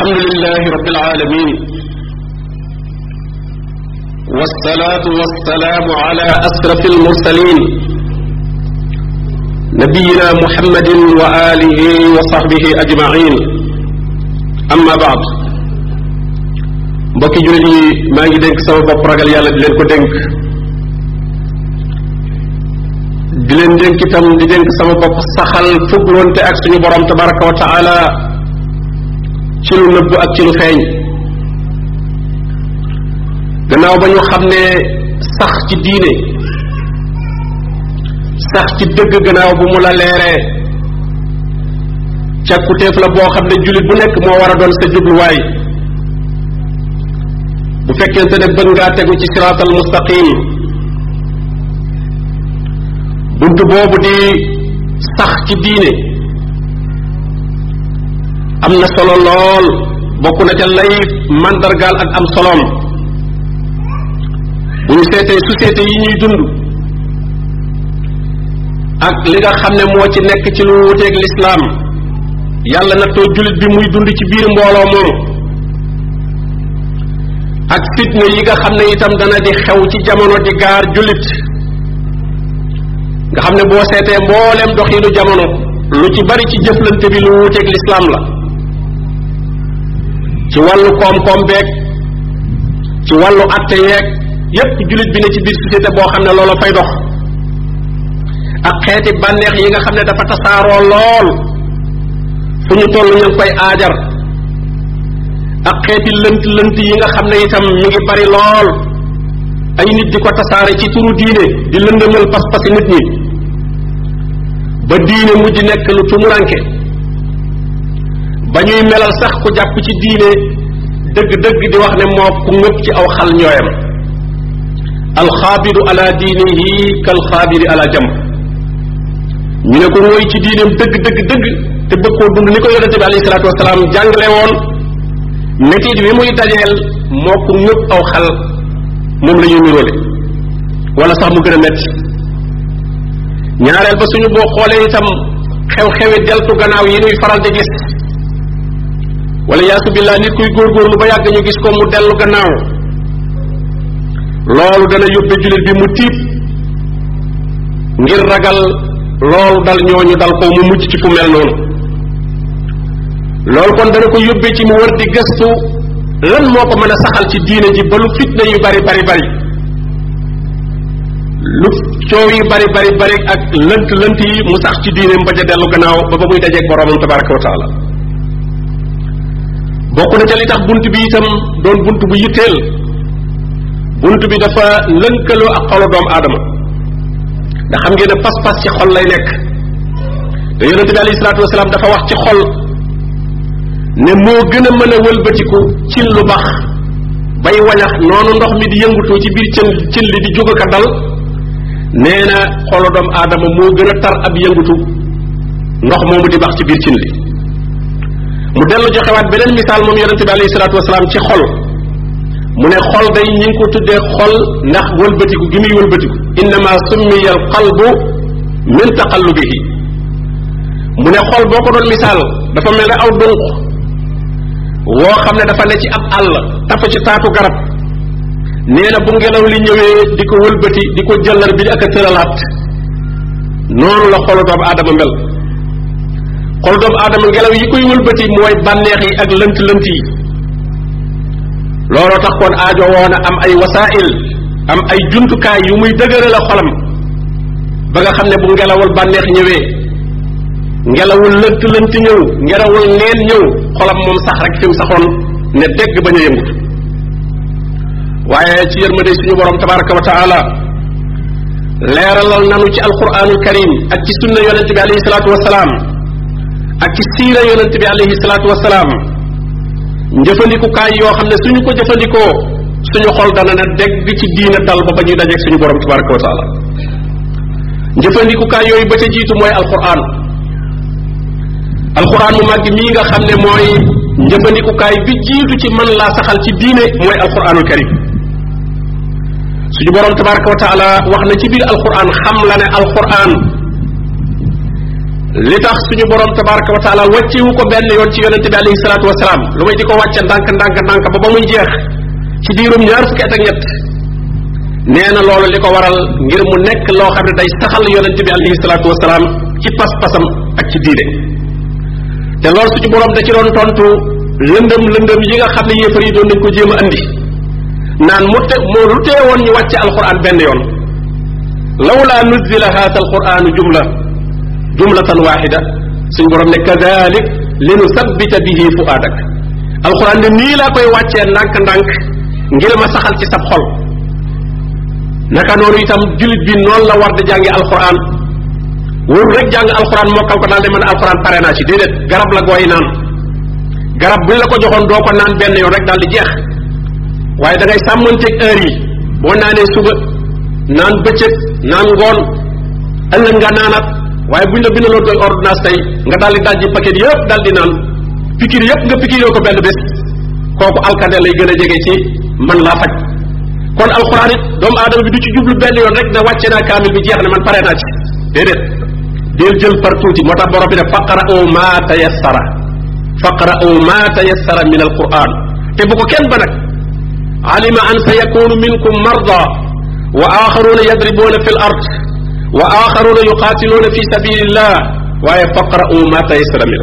alhamdulilahi rabbil alamin wasalaatu wasalaamu ala asrafil mursalin nabiyina muhammadin wa alihi wa sahbihi ajmain amma baad mbokki jullit yi maa ngi dénk sama bopp ragal yàlla di leen ko dénk di leen dénk itam di dénk sama bopp saxal fugloonte ak suñu borom tabaraka wa taala ci lu nëbbu ak ci lu feeñ gannaaw ba ñu xam ne sax ci diine sax ci dëgg gannaaw bu mu la leeree càkkutéef la boo xam ne jullit bu nekk moo war a doon sa jubluwaay bu fekkente ne bëgg ngaa tegu ci siraatal mustaqim bunt boobu di sax ci diine am na solo lool bokk na ca lay mandargaal ak am soloom bu ñu seetee yi ñuy dund ak li nga xam ne moo ci nekk ci lu wuteeg lislaam yàlla na nattoo jullit bi muy dund ci biir mbooloo moomu ak fitna yi nga xam ne itam dana di xew ci jamono di gaar jullit nga xam ne boo seetee mbooleem doxiinu jamono lu ci bari ci jëflante bi lu wuteeg lislaam la ci wàllu koom-koom beeg ci wàllu atte yeeg yépp jullit bi ne ci biir société boo xam ne loola fay dox ak xeeti bànneex yi nga xam ne dafa tasaaroo lool fu ñu toll ñu ngi koy aajar ak xeeti lënt lënt yi nga xam ne itam mi ngi bari lool ay nit di ko tasaare ci turu diine di lëndëmal pas-pasi nit ñi ba diine mujj nekk lu tumuranke ba ñuy melal sax ku jàpp ci diine dëgg-dëgg di wax ne moo ku ngëpp ci aw xal ñooyam alxaabidu ala diinihi kalxaabidi ala jamb ñu ne ko mooy ci diineem dëgg dëgg dëgg te bëgg koo dund ni ko yonente bi alayhi salaatu wasalaam jàngale woon métier bi muy dajeel moo ko ngëpp aw xal moom la ñuy niróole sax mu gën a metti ñaareel ba suñu boo xoolee itam xew-xewi deltu gannaaw yi ñuy faral di gis wala yaasu billaa nit kuy lu ba yàgg ñu gis ko mu dellu gannaaw loolu dana yóbbe jullit bi mu tiit ngir ragal loolu dal ñooñu dal ko mu mujj ci fu mel noonu loolu kon dana ko yóbbe ci mu war di gëstu lan moo ko mën a saxal ci diine ji ba lu fitna yu bari bari bari lu coow yu bari bari bari ak lënt lënt yi mu sax ci diineem ba ca dellu gannaaw ba ba muy dajeeg boroomam tabaraka wa bokk na ca li tax bunt bi itam doon bunt bu yitteel bunt bi dafa lënkaloo ak xolu doomu aadama ndax xam ngeen ne pas-pas ci xol lay nekk te yonente bi alayhi salaatu wasalaam dafa wax ci xol ne moo gën a mën a wëlbatiku lu bax bay wañax noonu ndox mi di yëngutoo ci biir cën cin li di jóg ka dal nee na xolu doomu aadama moo gën a tar ab yëngutu ndox moomu di bax ci biir cin li mu dellu joxewaat beneen misaal moom yonente bi alayhi salaatu wasalaam ci xol mu ne xol day ñu ngi ko tuddee xol ndax wëlbatiku gi muy wëlbatiku innama summiya al qalbu min taqallubihi mu ne xol boo ko doon misaal dafa mel ne aw dunq woo xam ne dafa ne ci ab àll tafa ci taatu garab nee na bu ngelaw li ñëwee di ko wëlbëti di ko jëllar bi ak a tëralaat noonu la xolu doomu aadama mel xol doomu aadama ngelaw yi koy wëlbati mooy bànneex yi ak lënt lënt yi looloo tax kon aajo woon a am ay wasaa'il am ay jumtukaay yu muy dëgëral xolam ba nga xam ne bu ngelawul bànneex ñëwee ngelawul lënt lënt ñëw ngelawul neen ñëw xolam moom sax rek fi mu saxoon ne dégg bañ a yëngu waaye ci yërmande suñu borom tabaraka wa taala leeralal nanu ci alquranul karim ak ci sunna yonente bi alayhi salaatu wasalaam ak ci siira yonent bi alayhi salaatu wasalaam njëfandikukaay yoo xam ne suñu ko jëfandikoo suñu xol dana ne dégg ci diina dal ba ba ñuy dajeeg suñu borom tabaraka wa taala njëfandikukaay yooyu ba ca jiitu mooy alquran alquran mu màgg mii nga xam ne mooy njëfandikukaay bi jiitu ci man laa saxal ci diine mooy alquranul karim suñu borom tabaraka wa taala wax na ci biir alquran xam la ne alquran li tax suñu borom tabaraka wa taala wàccewu ko benn yoon ci yonente bi alayhi salaatu wasalaam lu may di ko wàcce ndànk ndànk ndànk ba ba muy jeex ci diirum ñaar fukki at ak ñett nee na loolu li ko waral ngir mu nekk loo xam ne day saxal yonente bi alayhi salaatu wasalaam ci pas-pasam ak ci diine te loolu suñu borom da ci doon tontu lëndëm lëndëm yi nga xam ne yéefar yi doon nañ ko jéem a andi naan mu te moo lu tee woon ñu wàcce alquran benn yoon lawla nuzila haata alquranu jumla jumlatan waxida suñ borom ne kadalik li nu sabbita bihi fuaadak alxuraan ne nii laa koy wàccee ndànk-ndànk ngir ma saxal ci sab xol naka noonu itam jullit bi noonu la war di jàngi alxuraan wóoru rek jàng alxuraan mokkal ko daal de mën a alxuraan pare naa ci déedéet garab la gooy naan garab buñ la ko joxoon doo ko naan benn yoon rek daal di jeex waaye da ngay sàmmanteeg yi boo naanee suba naan bëccëg naan ngoon ëllëg nga naanaat waaye buñ la bindaloon koy ordonnance tey nga daal di dajji paquet yëpp daal di naan pikir yëpp nga pikir yoo ko benn bés kooku alkande lay gën a jege ci man laa faj kon alxuraan it doomu aadama bi du ci jublu benn yoon rek ne wàcce naa kaamil bi jeex na man pare naa ci déedéet deel jël par tuuti moo tax borom bi ne faqara o ma tayassara faqara o ma tayassara min alquran te bu ko kenn ba nag alima an sa yakunu minkum marda wa axaruna yadribuuna fi l ard waa wa axaruna yuqaatiluuna fi sabilillah waaye faqra'u ma taysara min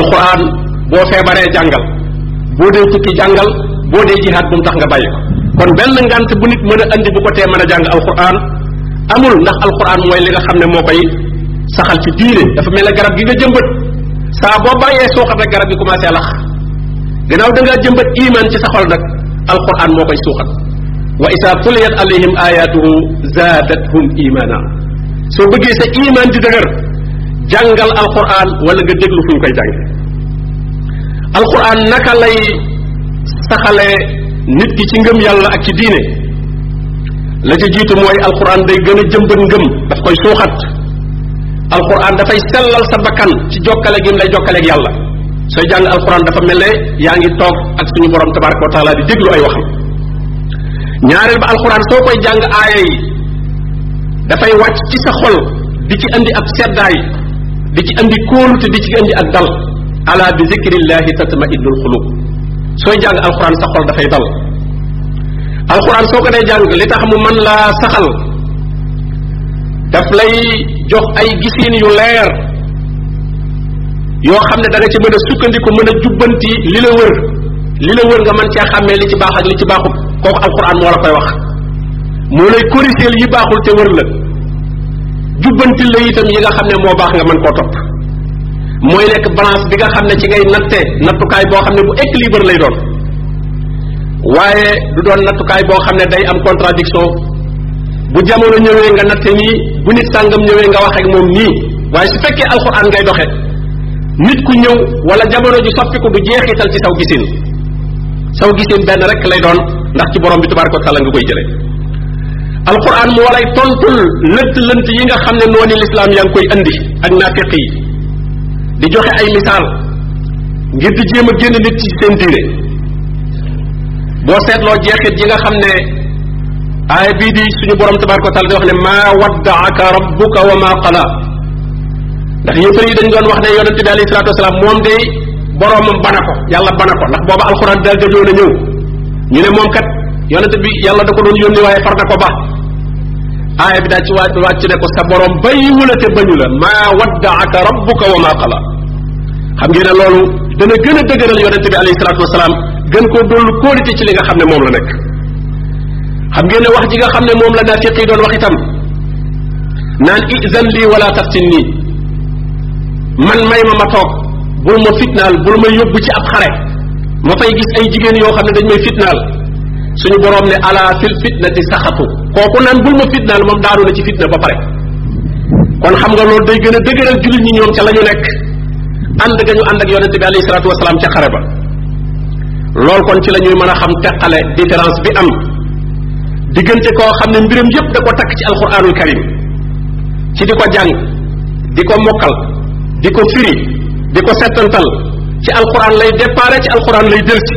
alquran boo feebaree jàngal boo dee tukki jàngal boo dee jihaad bu mu tax nga bàyyi ko kon benn ngant bu nit mën a andi bu ko tee mën a jàng alquran amul ndax alquran mooy li nga xam ne moo koy saxal ci diine dafa mel ne garab gi nga jëmbat saa boo bàyyee suuxat rek garab gi commencé lax gannaaw da ngaa jëmbat iman ci sa xol nag alquran moo koy suuxat wa isa tuliyat alayhim ayatuhu zaadathum imana soo bëggee sa iman di dëgër jàngal alquran wala nga déglu fu ñu koy jàng alquran naka lay saxale nit ki ci ngëm yàlla ak ci diine la ca jiitu mooy alquran day gën a jëmbat ngëm daf koy suuxat alquran dafay sellal sa bakkan ci jokkale gi mu lay jokkaleeg yàlla sooy jàng alquran dafa mel yaa ngi toog ak suñu borom tabaraka wa taala di déglu ay waxam ñaareel ba alxuraan soo koy jàng aaya yi dafay wàcc ci sa xol di ci indi ak seddaay di ci andi kóolute di ci andi ak dal ala bi zikrillahi tatma'innul xulub sooy jàng alxuraan sa xol dafay dal alxuraan soo ko dee jàng li tax mu mën laa saxal daf lay jox ay gisiin yu leer yoo xam ne da nga ci mën a sukkandiku mën a jubbanti li la wër li la wër nga man caa xàmmee li ci baax ak li ci baaxut kooku alquran moo la koy wax moo lay corrigeel yi baaxul te wër la jubbantil la itam yi nga xam ne moo baax nga mën koo topp mooy nekk balance bi nga xam ne ci ngay nattee nattukaay boo xam ne bu équilibre lay doon waaye du doon nattukaay boo xam ne day am contradiction bu jamono ñëwee nga natte nii bu nit sàngam ñëwee nga wax ak moom nii waaye su fekkee alxuraan ngay doxe nit ku ñëw wala jamono ju soppiku du jeexital ci saw gisin saw gisin benn rek lay doon ndax ci borom bi tabaraka wa taala nga koy jëlee alquran moo lay tontul lënt lënt yi nga xam ne noonu lislaam yaa ngi koy indi ak naafiq yi di joxe ay misaal ngir di jéem a génn nit ci seen diine boo seetloo jeexit yi nga xam ne aaya bii di suñu borom tabaraka wa taala di wax ne ma waddaaka rabbuka wa maa qala ndax yëppër yi dañ doon wax ne yonente bi alayhi salaatu moom day boromam bana ko yàlla bana ko ndax booba alquran daal gëjoon a ñëw ñu ne moom kat yonente bi yàlla da ko doon yónni waaye far na ko ba aaya bi daal ci waaj wàcc ne ko sa borom bayiwu la te bañu la maa waddaaka rabbuka wa maa qala xam ngeen ne loolu dana gën a dëgëral yonente bi alayhi salaatu wasalaam gën koo dollu kóolite ci li nga xam ne moom la nekk xam ngeen ne wax ji nga xam ne moom la naafiq yi doon wax itam naan izan lii wala taftin nii man may ma ma toog bul ma fitnaal bul ma yóbbu ci ab xare moo fay gis ay jigéen yoo xam ne dañ may fitnaal suñu boroom ne ala fil fitnati saxatu kooku naan bul ma fitnaal moom daanu na ci fitna ba pare kon xam nga loolu day gën a dëgëral jullit ñi ñoom ca la ñu nekk ànd ga ñu ànd ak yonente bi alayhi salaatu wasalaam ba loolu kon ci la mën a xam teqale différence bi am diggante koo xam ne mbiram yépp da ko takk ci alquranul karim ci di ko jàng di ko mokkal di ko firi di ko settantal ci alquran lay déparé ci alquran lay del ci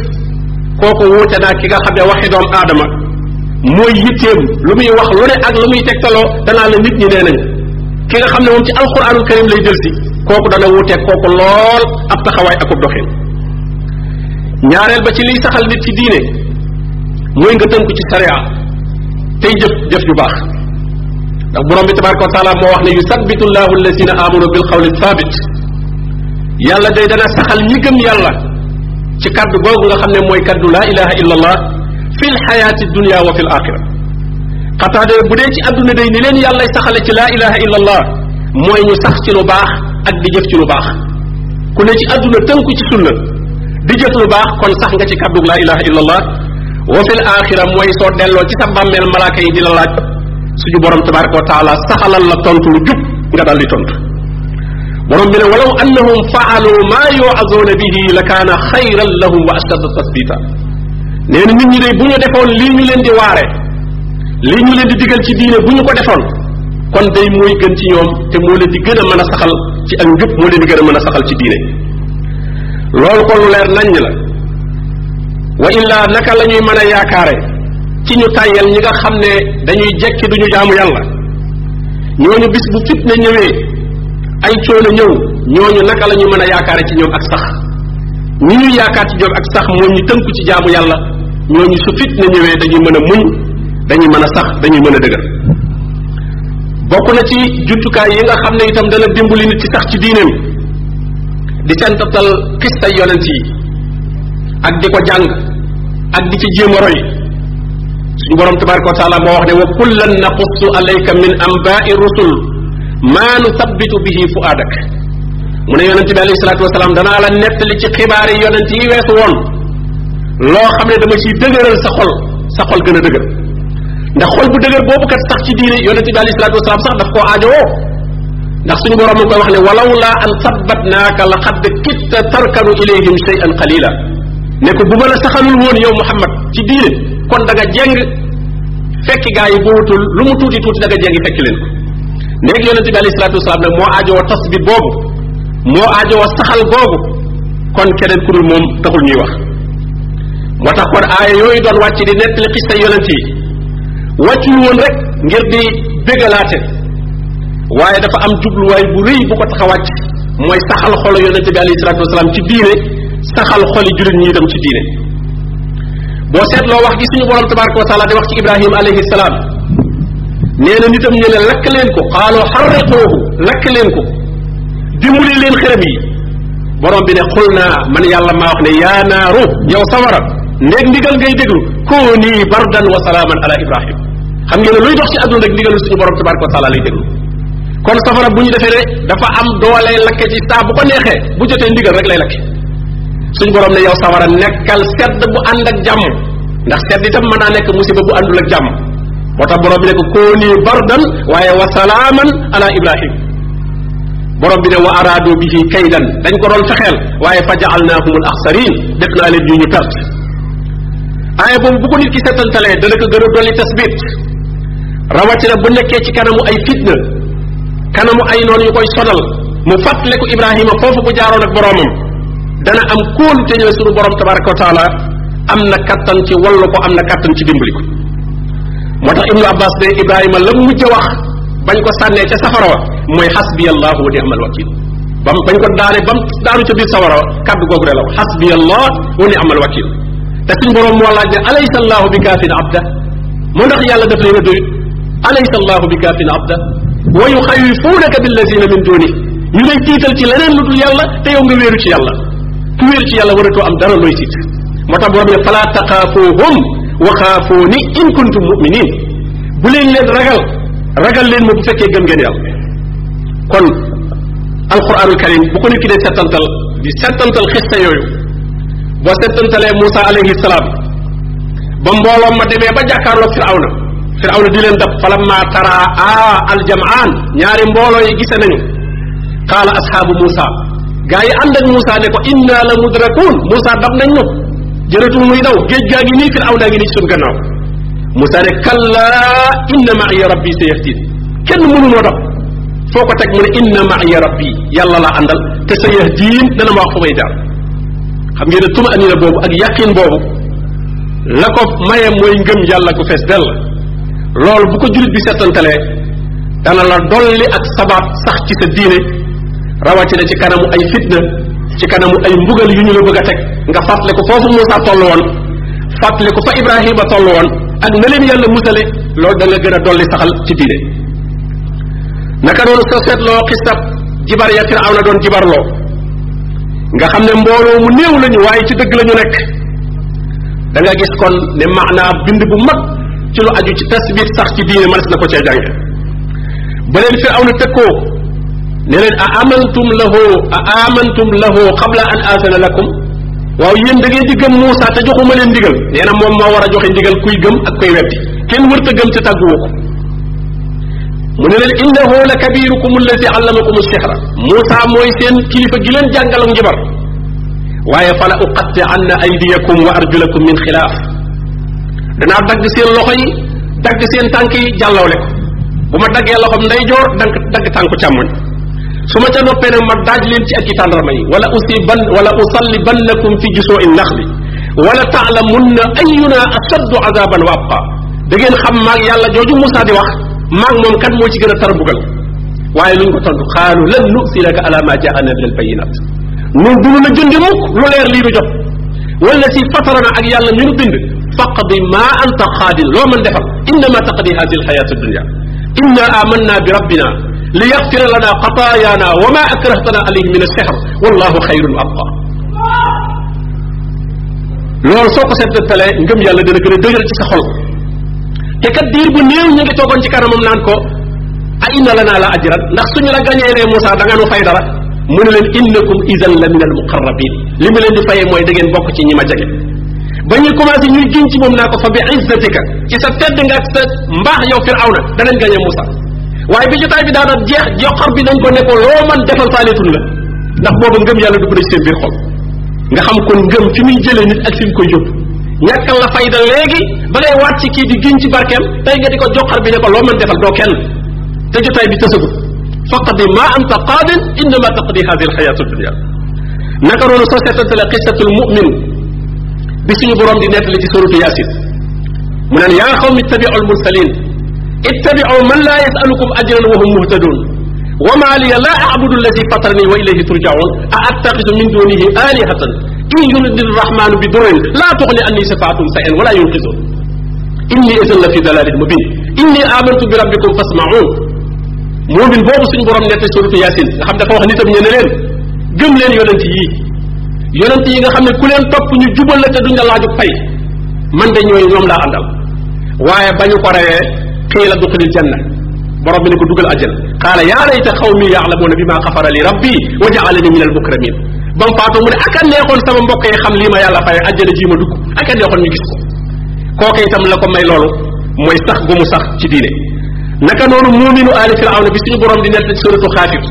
kooku wuute naa ki nga xam ne waxi doom aadama mooy yitteem lu muy wax lu ne ak lu muy tegtaloo danaa la nit ñi nee nañ ki nga xam ne moom ci alquranul karim lay del si kooku dana wuuteeg kooku lool ab taxawaay akub doxin ñaareel ba ci liy saxal nit ci diine mooy nga tënku ci sariya tey jëf jëf ju baax ndax borom bi tabaraka wa moo wax ne yusabbitu llahu allazina amanu li qawli sabit yàlla day dana saxal ñi gëm yàlla ci kàddu googu nga xam ne mooy kàddu laa ilaha illa allah fi l xayaati dunia wa fi l axira bu dee ci àdduna day ni leen yàllay saxale ci laa ilaha illa allah mooy ñu sax ci lu baax ak di jëf ci lu baax ku ne ci tënku ci sunna di lu baax kon sax nga ci kàddu laa ilaha illa allah wa mooy soo delloo ci sa bàmmeel malaaka yi di la laaj suñu borom tabaraka wa taala saxalal la tontu lu jub nga daal di tontu borom bi ne walaw annahum faalu maa yuazuuna bihi la kaana xayran lahum wa ashadda tasbita nee na nit ñi de bu ñu defoon lii ñu leen di waare lii ñu leen di digal ci diine bu ñu ko defoon kon day mooy gën ci ñoom te moo leen di gën a mën a saxal ci ak njub moo leen di gën a mën a saxal ci diine loolu kon lu leer naññ la wa illaa naka lañuy ñuy mën a yaakaare ci ñu tàyyal ñi nga xam ne dañuy jekki duñu jaamu yàlla ñu bis bu fitna ñëwee ay coono ñëw ñu naka la ñu mën a yaakaare ci ñoom ak sax ñi ñuy yaakaar ci ñoom ak sax moo ñu tënku ci jaamu yàlla ñoo ñooñu su fitna ñëwee dañuy mën a muñ dañuy mën a sax dañuy mën a dëgër bokk na ci jumtukaay yi nga xam ne itam dana li nit ci sax ci diineem di sentatal xista yonent yi ak di ko jàng ak di ci jéem a roy suñu borom tabaraka wa moo wax ne wa kullan naqussu alayka min ambai rusul maa nu tabbitu bihi fu aadak mu ne yonent bi alayhi salaatu wasalaam danaa la nettali ci xibaar yi yonent yi weesu woon loo xam ne dama ciy dëgëral sa xol sa xol gën a dëgër ndax xol bu dëgër boobu kat sax ci diine yonent bi alayhi salaatu wasalaam sax daf koo aajowoo ndax suñu borom mu koy wax ne walaw laa an sabbatnaaka la xadd kitta tarkanu ilayhim shay'an qalila ne ko bu ma la saxalul woon yow Muhammad ci diine kon da nga jeng fekki gaa yi bu wutul lu mu tuuti tuuti da nga jeng fekki leen ko léegi yonente bi alayhi salaatu wasalaam nag moo aajowoo tas bi boobu moo aajowoo saxal googu kon keneen ku dul moom taxul ñuy wax moo tax kon aaya yooyu doon wàcc di nettali xista yonent yi wàccul woon rek ngir di bégalaate waaye dafa am jubluwaay bu rëy bu ko tax a wàcc mooy saxal xolo yonente bi alayhi salaatu wasalaam ci diine saxal xoli jullit ñi dem ci diine boo seetloo wax gi suñu borom tabaraka wa taala di wax ci ibrahim alayhi salaam nee na nitam ñu ne lakk leen ko xaaloo xarriqoohu lakk leen ko dimbali leen xërëm yi borom bi ne xul naa man yàlla maa wax ne yaa naaru yow sawara ndéeg ndigal ngay déglu kooni bardan wa salaaman ala ibrahim xam ngeen ne luy dox ci àdduna rek ndigalu suñu borom tabaraka wa taala lay déglu kon safara bu ñu defee ne dafa am doole lakke ci saa bu ko neexee bu jotee ndigal rek lay lakke suñu borom ne yow sawara nekkal sedd bu ànd ak jàmm ndax sedd itam mën naa nekk musiba bu àndul jàmm moo tax borom bi ne ko kooni bardan waaye wa salaaman ala ibrahim borom bi ne wa bi bihi kaydan dañ ko doon fexeel waaye fa jaalnaahum al axsarin def naa leen ñu ñu perte aaya boobu bu ko nit ki setantalee dana ko gën a dolli tasbit rawatina bu nekkee ci kanamu ay fitna kanamu ay noonu yu koy sonal mu fàttale ko ibrahima foofu bu jaaroon ak boromam dana am kóolu te ñëw sunu borom tabaraka wa taala am na kattan ci wallu ko am na kattan ci dimbali moo tax ibnu abbas de ibrahima la mujj a wax bañ ko sànnee ca safara wa mooy xasbiyallahu wa ni'mal wakil bam bañ ko daane bam daanu ca biir safara wa kàddu googu de la xasbiyallah wa ni'mal wakil te suñ boroom moo laaj ne alaysa allahu bi kaafin abda moo ndax yàlla daf lay doyut alaysa allahu bi kaafin abda wa yuxawifuunaka billazina min duni ñu lay tiital ci leneen lu dul yàlla te yow nga wéeru ci yàlla ku wéeru ci yàlla waratoo am dara loo tiit moo tax boroom ne fala taqaafuhum waxaafooni in kuntum muminin bu leen leen ragal ragal leen ma bu fekkee gëm ngeen yàlla kon alquranul karim bu ko nit ki dee settantal di settantal xista yooyu boo settantalee Moussa alayhi salaam ba mbooloom ma demee ba jàkkaarloog firawna firawna di leen dab falamma tara aa aljamaan ñaari mbooloo yi gise nañu qaala ashaabu Moussa gaa yi ànd ak Moussa ne ko inna la mudrakun Moussa dab nañ jërëtul muy daw géej gaa ngi nii fir aw naa ngi nii ci suñ gannaaw Moussa ne kalla inna ma'iya rabbi sayahdin kenn mënu ma foo ko teg mu ne inna ma'iya rabbi yàlla laa àndal te sayahdin dana ma wax fa may jaar xam ngeen ne tuma anina boobu ak yaqin boobu la ko maye mooy ngëm yàlla ku fees dell loolu bu ko jullit bi settantalee dana la dolli ak sabaat sax ci sa diine rawatina ci kanamu ay fitna ci kanamu ay mbugal yu ñu la bëgg a teg nga fàttale ko foofu Moussa toll woon fàttale ko fa Ibrahima toll woon ak na leen yàlla musale loolu da nga gën a dolli saxal ci diine naka noonu soo seetloo xisab jibar ya na doon jibarloo nga xam ne mbooloo mu néew lañu waaye ci dëgg lañu ñu nekk da nga gis kon ne maanaa bind bu mag ci lu aju ci tasbit sax ci diine mënees na ko cee jànge ba leen Firawna tëkkoo ne leen a amantum lahu a amantum lahu qabla an aazana lakum waaw yéen da ngeen di gëm Muusa te joxuma leen ndigal nee na moom moo war a joxe ndigal kuy gëm ak kuy weddi kenn wërta gëm te tàgguwu ko mu ne leen innahu la kabirukum alladi allamakum sixra Muusa mooy seen kilifa gi leen jàngal ak njabar waaye fala uqatti anna aydiyakum wa arjulakum min xilaaf danaa dagg seen loxo yi dagg seen tànk yi jàllawle ko bu ma daggee loxoom ndeyjoor dagg dagg tànku càmmoñ su ma ca noppee nag ma daaj leen ci ak i tàndarma yi wala usiban wala usallibannakum fi jusoo'i naxli wala taalamunna ayuna asaddu azaban wa abqa da ngeen xam maag yàlla jooju Moussa di wax maag moom kan moo ci gën a tar bugal waaye luñ ko tontu xaalu lan nu'siraka ala ma jaana min al bayinat ñun dunu la jundi mukk lu leer lii nu jot wala si fatarana ak yàlla mi nu bind faqdi ma anta xaadin loo mën defal innama taqdi hadi al xayaatu dunia inna amanna bi rabbina li yaxfira lana xataayaana wa ma akrahtana alayhi min alsihr wallahu xayrul abqa loolu soo ko seetantalee ngëm yàlla dina gën a dëgër ci sa xol te kat bu néew ñu ngi toogoon ci kanamam naan ko a inna lana la ajran ndax suñu la gañeelee Moussa da nga nu dara mu ne leen innakum idan la min al muqarrabin li mu leen di fayee mooy da ngeen bokk ci ñi ma jege ba ñuy commencé ñuy giñ ci moom naa ko fa bi izzatika ci sa tedd nga ak sa mbaax yow Firawna danañ gañee Moussa waaye bi jotaay bi daana jeex joxar bi dañ ko ne ko loo man defal faaleetun la ndax booba ngëm yàlla dugg na ci seen biir xol nga xam kon ngëm fi muy jëlee nit ak fi mu koy yóbbu ñàkkal la fayda léegi ba ngay waat ci kii di giñ ci barkeem tey nga di ko joxar bi ne ko loo man defal doo kenn te jotaay bi tësagu faqdi ma anta qaadin innama taqdi hadi alxayaatu dunia naka noonu société la qisatul mumin bi suñu borom di nettali ci suratu yaasin mu naan yaa xawmi ittabiu almursalin ittabi'u man laa yas'alukum ajran wa hum muhtadun wa maa liya laa a'budu alladi fatarani wa ilayhi turja'un a attaxidu min dunihi alihatan in yuridi rahmanu bi durin laa tuxni anni sifaatum sayan wala yunqisun inni idan la fi dalalin mubin inni amantu bi rabbikum fasma'un moomin boobu suñ borom nette suratu yaasin nga xam dafa wax nitam ñe ne leen gëm leen yonent yii yonent yi nga xam ne ku leen topp ñu jubal la te duñ la laaju pay man de ñooy ñoom laa àndal waaye bañu ko reyee xiila duxulil janna borom bi ne ko dugal ajjana qaala yaa layta xawmi yaalamuuna bi maa xafara li rabbi wa jaalani min al mukramin ba mu faatoo mu ne ak a neexoon sama mbokk yi xam lii ma yàlla fay ajjana jii ma dugg ak a neexoon ñu gis ko kooke itam la ko may loolu mooy sax gu mu sax ci diine naka noonu muuminu aali firawna bi suñu borom di nett ci suratu xaafir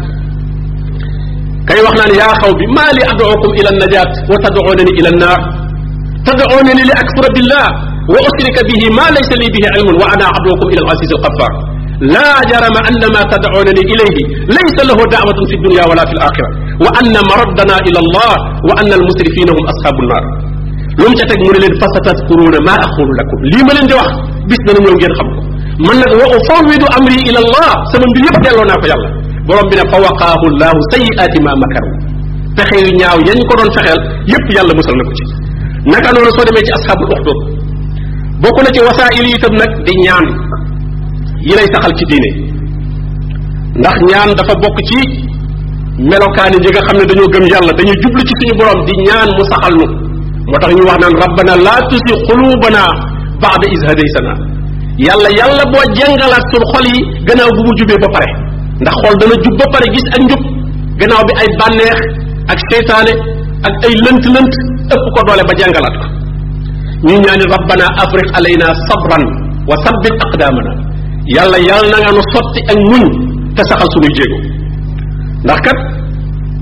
kay wax naan yaa xaw bi maa li adookum ila najaat wa tad'uunani ila naar tad'uunani li akfura billah wa usrika bihi ma laysa li bihi ilmun wa ana abdukum ila al-aziz al-ghaffar la jarama anna ma tad'unani ilayhi laysa lahu da'watun fi dunya wala fi al-akhirah wa anna maraddana ila allah wa anna al-musrifina hum ashabun nar lu mu ca teg mu ne leen fasatazkuruna ma aqulu lakum lii ma leen di wax bis dana ñëw ngeen xam ko man nag wa ufawwidu amri ila allah sama mbir yëpp delloo naa ko yàlla borom bi ne fa waqaahu llahu sayi'aati ma makaru pexe yu ñaaw yañ ko doon fexeel yëpp yàlla musal na ko ci naka noonu soo demee ci ashabul uxdud bokk na ci wasaayil yi itam nag di ñaan yi lay saxal ci diine ndax ñaan dafa bokk ci melokaani yi xam ne dañoo gëm yàlla dañuy jublu ci suñu boroom di ñaan mu saxal nu moo tax ñu wax naan rabbana laa tusi xuluubana baada is hadaytana yàlla yàlla boo jàngalaat suñ xol yi gannaaw bu mu jubee ba pare ndax xol dana jub ba pare gis ak njub gannaaw bi ay bànneex ak seytaane ak ay lënt-lënt ëpp ko doole ba jàngalaat ko ñuy ñaani rabbana afriq alayna sabran wa sabbit aqdamana yàlla yàlla na nga nu sotti ak muñ te saxal suñuy jéego ndax kat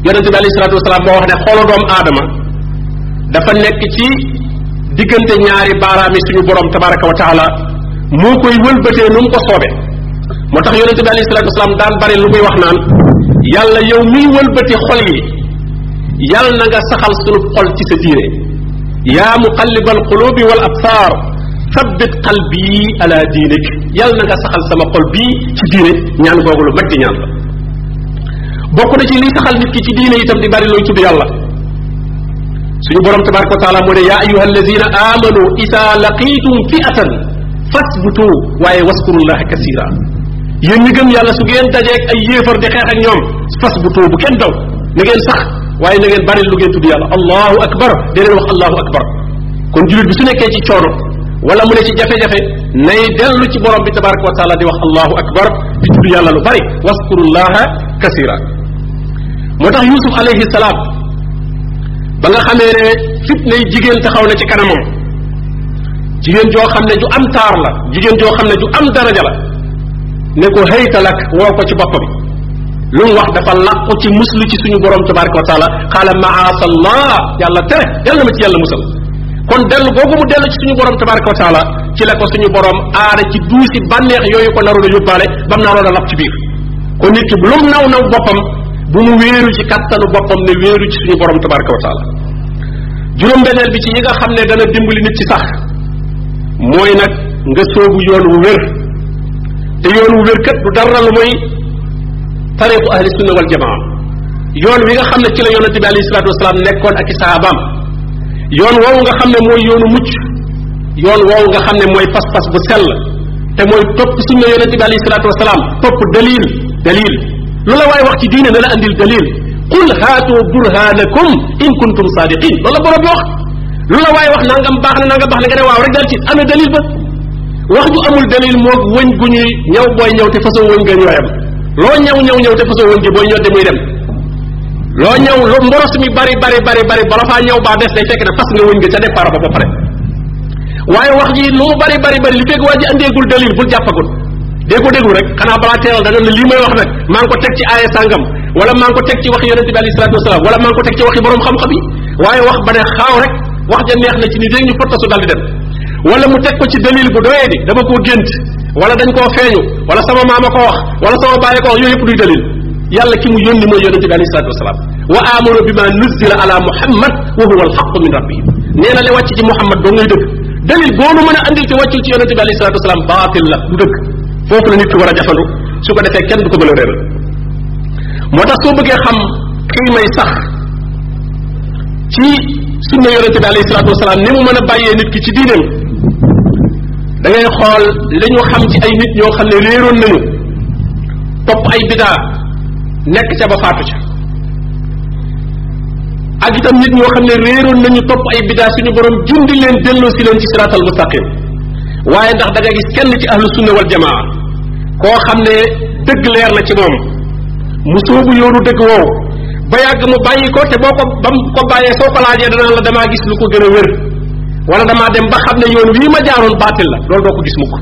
yonente bi alayhi salaatu moo wax ne xoolu doomu aadama dafa nekk ci diggante ñaari baaraam yi suñu borom tabaraka wa taala moo koy wëlbatee nu mu ko soobee moo tax yonente bi alayhi salaatu wasalaam daan bari lu muy wax naan yàlla yow miy wëlbati xol yi yàlla na nga saxal suñu xol ci sa diine yaa muqallibal qulubi wal absar thabbit qalbi ala diinik yàlla na nga saxal sama xol bii ci diine ñaan googu lu mag di ñaan la bokk na ci liy saxal nit ki ci diine itam di bari looy tudd yàlla suñu borom tabaraka wa taala moo ne yaa ayuha alladina amanu ida laqitum fi'atan fasbutu waaye waskurullaha kasira yéen ñi gëm yàlla su ngeen dajeeg ay yéefar di xeex ak ñoom fasbutu bu kenn daw na ngeen sax waaye na ngeen bari lu ngeen tudd yàlla allahu akbar di leen wax allahu akbar kon jullit bi su nekkee ci coono wala mu ne ci jafe-jafe nay dellu ci borom bi tabaraka wa taala di wax allahu akbar di tudd yàlla lu bari waskurullaha kasira moo tax yusuf alayhi salaam ba nga xamee ne fitnay jigéen taxaw na ci kanamam jigéen joo xam ne ju am taar la jigéen joo xam ne ju am daraja la ne ko haytalak woo ko ci bopp bi lu mu wax dafa làqu ci muslu ci suñu borom tabaraka wa taala xaala maasallah yàlla tere yàlla ma ci yàlla musal kon dellu googu mu dellu ci suñu borom tabaraka wa taala ci la ko suñu borom aara ci duusi bànneex yooyu ko naroon a yóbbaale ba mu naroon a lab ci biir kon nit ki lu mu naw naw boppam bu mu wéeru ci kattanu boppam ne wéeru ci suñu borom tabaraka wa taala juróom-benneel bi ci yi nga xam ne dana dimbali nit ci sax mooy nag nga soobu yoon wu wér te yoon wu wér kat du dara tariqu ahli sunna wal jamaa yoon wi nga xam ne ci la yonente bi alayhi salaatu nekkoon ak i sahabaam yoon woowu nga xam ne mooy yoonu mucc yoon woowu nga xam ne mooy pas-pas bu sell te mooy topp sunna yonente bi alayhi salaatu wasalaam topp dalil dalil lu la waaye wax ci diine na la andil dalil qul haatu burhanakum in kuntum saadiqin loolu la borom bi wax lu la wax nangam baax na na nga ne waaw rek daal ci amee dalil ba wax ju amul dalil moog wëñ gu ñuy ñëw booy ñëw te façon wëñ nga ñooyam loo ñëw ñëw ñëw te fasoo woon ji booy ñoddi muy dem loo ñëw mboros mi bari bari bari bari bala faa ñëw baa des day fekk ne fas nga wëñ nga ca départ ba ba pare waaye wax ji lu mu bari bari bari li fekk waa ji andeegul dalil bul jàppagul dee ko déglu rek xanaa balaa teeral da nga ne lii may wax nag maa ngi ko teg ci aaya sàngam wala maa ngi ko teg ci wax yonente bi alayhi salatu wasalaam wala maa ngi ko teg ci waxi borom xam-xam yi waaye wax ba ne xaaw rek wax na ci ni dégg ñu pottasu daal wala mu teg ko ci dalil bu doyee di dama koo gént wala dañ koo feeñu wala sama maama ko wax wala sama bàyyi ko wax yooyu yëpp duy dalil yàlla ki mu yónni mooy yonente bi alayhi salatu wasalaam wa amanu bima nuzila ala muhammad wa huwa alxaqu min rabbihim nee na li wàcc ci muhammad doo ngay dëgg dalil boo nu mën a andil ci wàccul ci yonente bi alayhi salatu wasalaam baatil la du dëgg foofu la nit ki war a jafandu su ko defee kenn du ko bëgg a réeral moo tax soo bëggee xam kii may sax ci sunna yonente bi mu mën a bàyyee nit ci diineem da ngay xool li ñu xam ci ay nit ñoo xam ne réeroon nañu topp ay bidaa nekk ca ba faatu ca ak itam nit ñoo xam ne réeroon nañu topp ay bidaa suñu borom jundi leen delloo si leen ci siraatal mustaqim waaye ndax da nga gis kenn ci ahlu sunna wal jamaa koo xam ne dëgg leer na ci moom mu soobu yoonu dëgg woowu ba yàgg mu bàyyi ko te boo ko ba mu ko bàyyee soo ko laajee la damaa gis lu ko gën a wér wala damaa dem ba xam ne yoon wii ma jaaroon baatil la lool doo ko gis mukk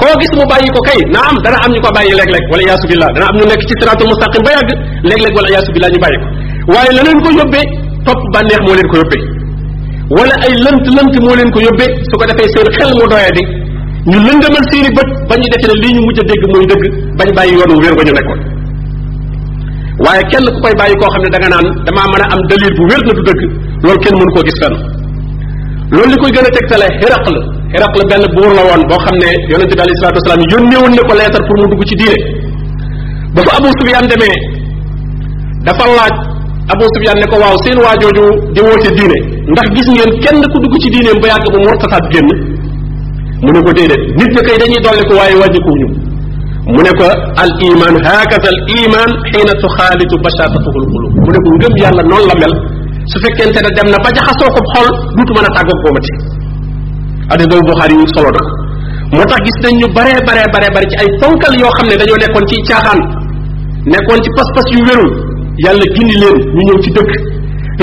koo gis mu bàyyi ko kay naa am dana am ñu ko bàyyi léeg-léeg wala yaasu billah dana am ñu nekk ci siraatul mustaqim ba yàgg léeg-léeg wala yaasu billah ñu bàyyi ko waaye la leen ko yóbbee topp bànneex moo leen ko yóbbee wala ay lënt lënt moo leen ko yóbbee su ko defee seen xel mu doyadi ñu lëngamal seeni bët ba ñu defe ne lii ñu mujj a dégg mooy dëgg bañ bàyyi yoon wu wér ba ñu nekkoon waaye kenn ku koy bàyyi koo xam ne da naan damaa mën am dalil bu wér na loolu kenn mënu koo gis fenn loolu li koy gën a tegtale xiraq la xiraq la benn buur la woon boo xam ne yonente bi alei salatu wasalaam yónnewoon na ko leetar pour mu dugg ci diine ba fa Abu Sufyaan demee dafa laaj Abu Sufyaan ne ko waaw seen waajooju di woote diine ndax gis ngeen kenn ku dugg ci diineem ba yàgg mu murtasaat génn mu ne ko déedéet nit ñi kay dañuy dolli ko waaye wàññikuwuñu mu ne ko al iman hakaza al iman xiina tuxaalitu bashatatuhu al qulub mu ne ko ngëm yàlla noonu la mel su fekkente ne dem na ba jaxasoo ko xol duutu mën a tàggoog boobati addis boobu Buxaari yi solo na moo tax gis nañ ñu baree baree baree bare ci ay ponkal yoo xam ne dañoo nekkoon ci caaxaan nekkoon ci pas-pas yu wérul yàlla gindi leen ñu ñëw ci dëkk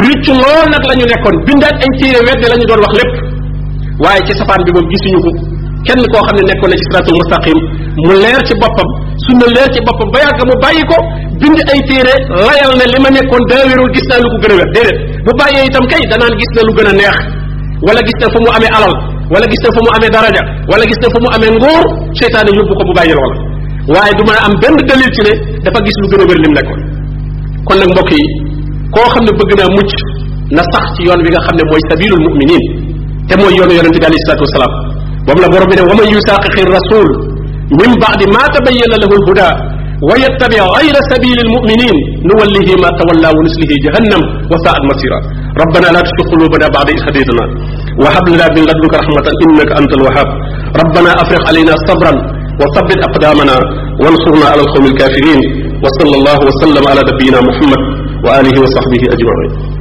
riccu lool nag la ñu nekkoon bindaat ay téere wedde la ñu doon wax lépp waaye ci safaan bi moom gisuñu ko kenn koo xam ne nekkoon na ci siratul mustaqim mu leer ci boppam sunna leer ci boppam ba yàgg mu bàyyi ko bind ay li ma nekkoon daa wérul gis naa ko gën a wér bu bàyyee itam kay danaan gis na lu gën a neex wala gis na fu mu amee alal wala gis na fu mu amee daraja wala gis na fu mu amee nguur seytaane yóbbu ko bu bàyyi loola waaye du mën am benn dalil ci ne dafa gis lu gën a wér lim nekkoon kon nag mbokk yi koo xam ne bëgg naa mucc na sax ci yoon wi nga xam ne mooy sabilul muminin te mooy yoonu yonente bi alayhi salatu wasalaam boobu la borom bi ne waman yusaqiqi rasul min baadi ma tabayyana lahu lhuda wa yattabi gayra sabili almuminin nuwallihi ma tawalla wa nuslihi jahannam wa saat masira rabbana la tusi qulubana bada is hadaytana wa hab lana min ladunka rahmatan innaka anta alwahab rabbana afriq alayna sabran wa sabbit aqdamana wansurna ala alqawmi alkafirin wa sallallahu wa sallam ala nabiyina muhammad wa alihi wa sahbihi ajmain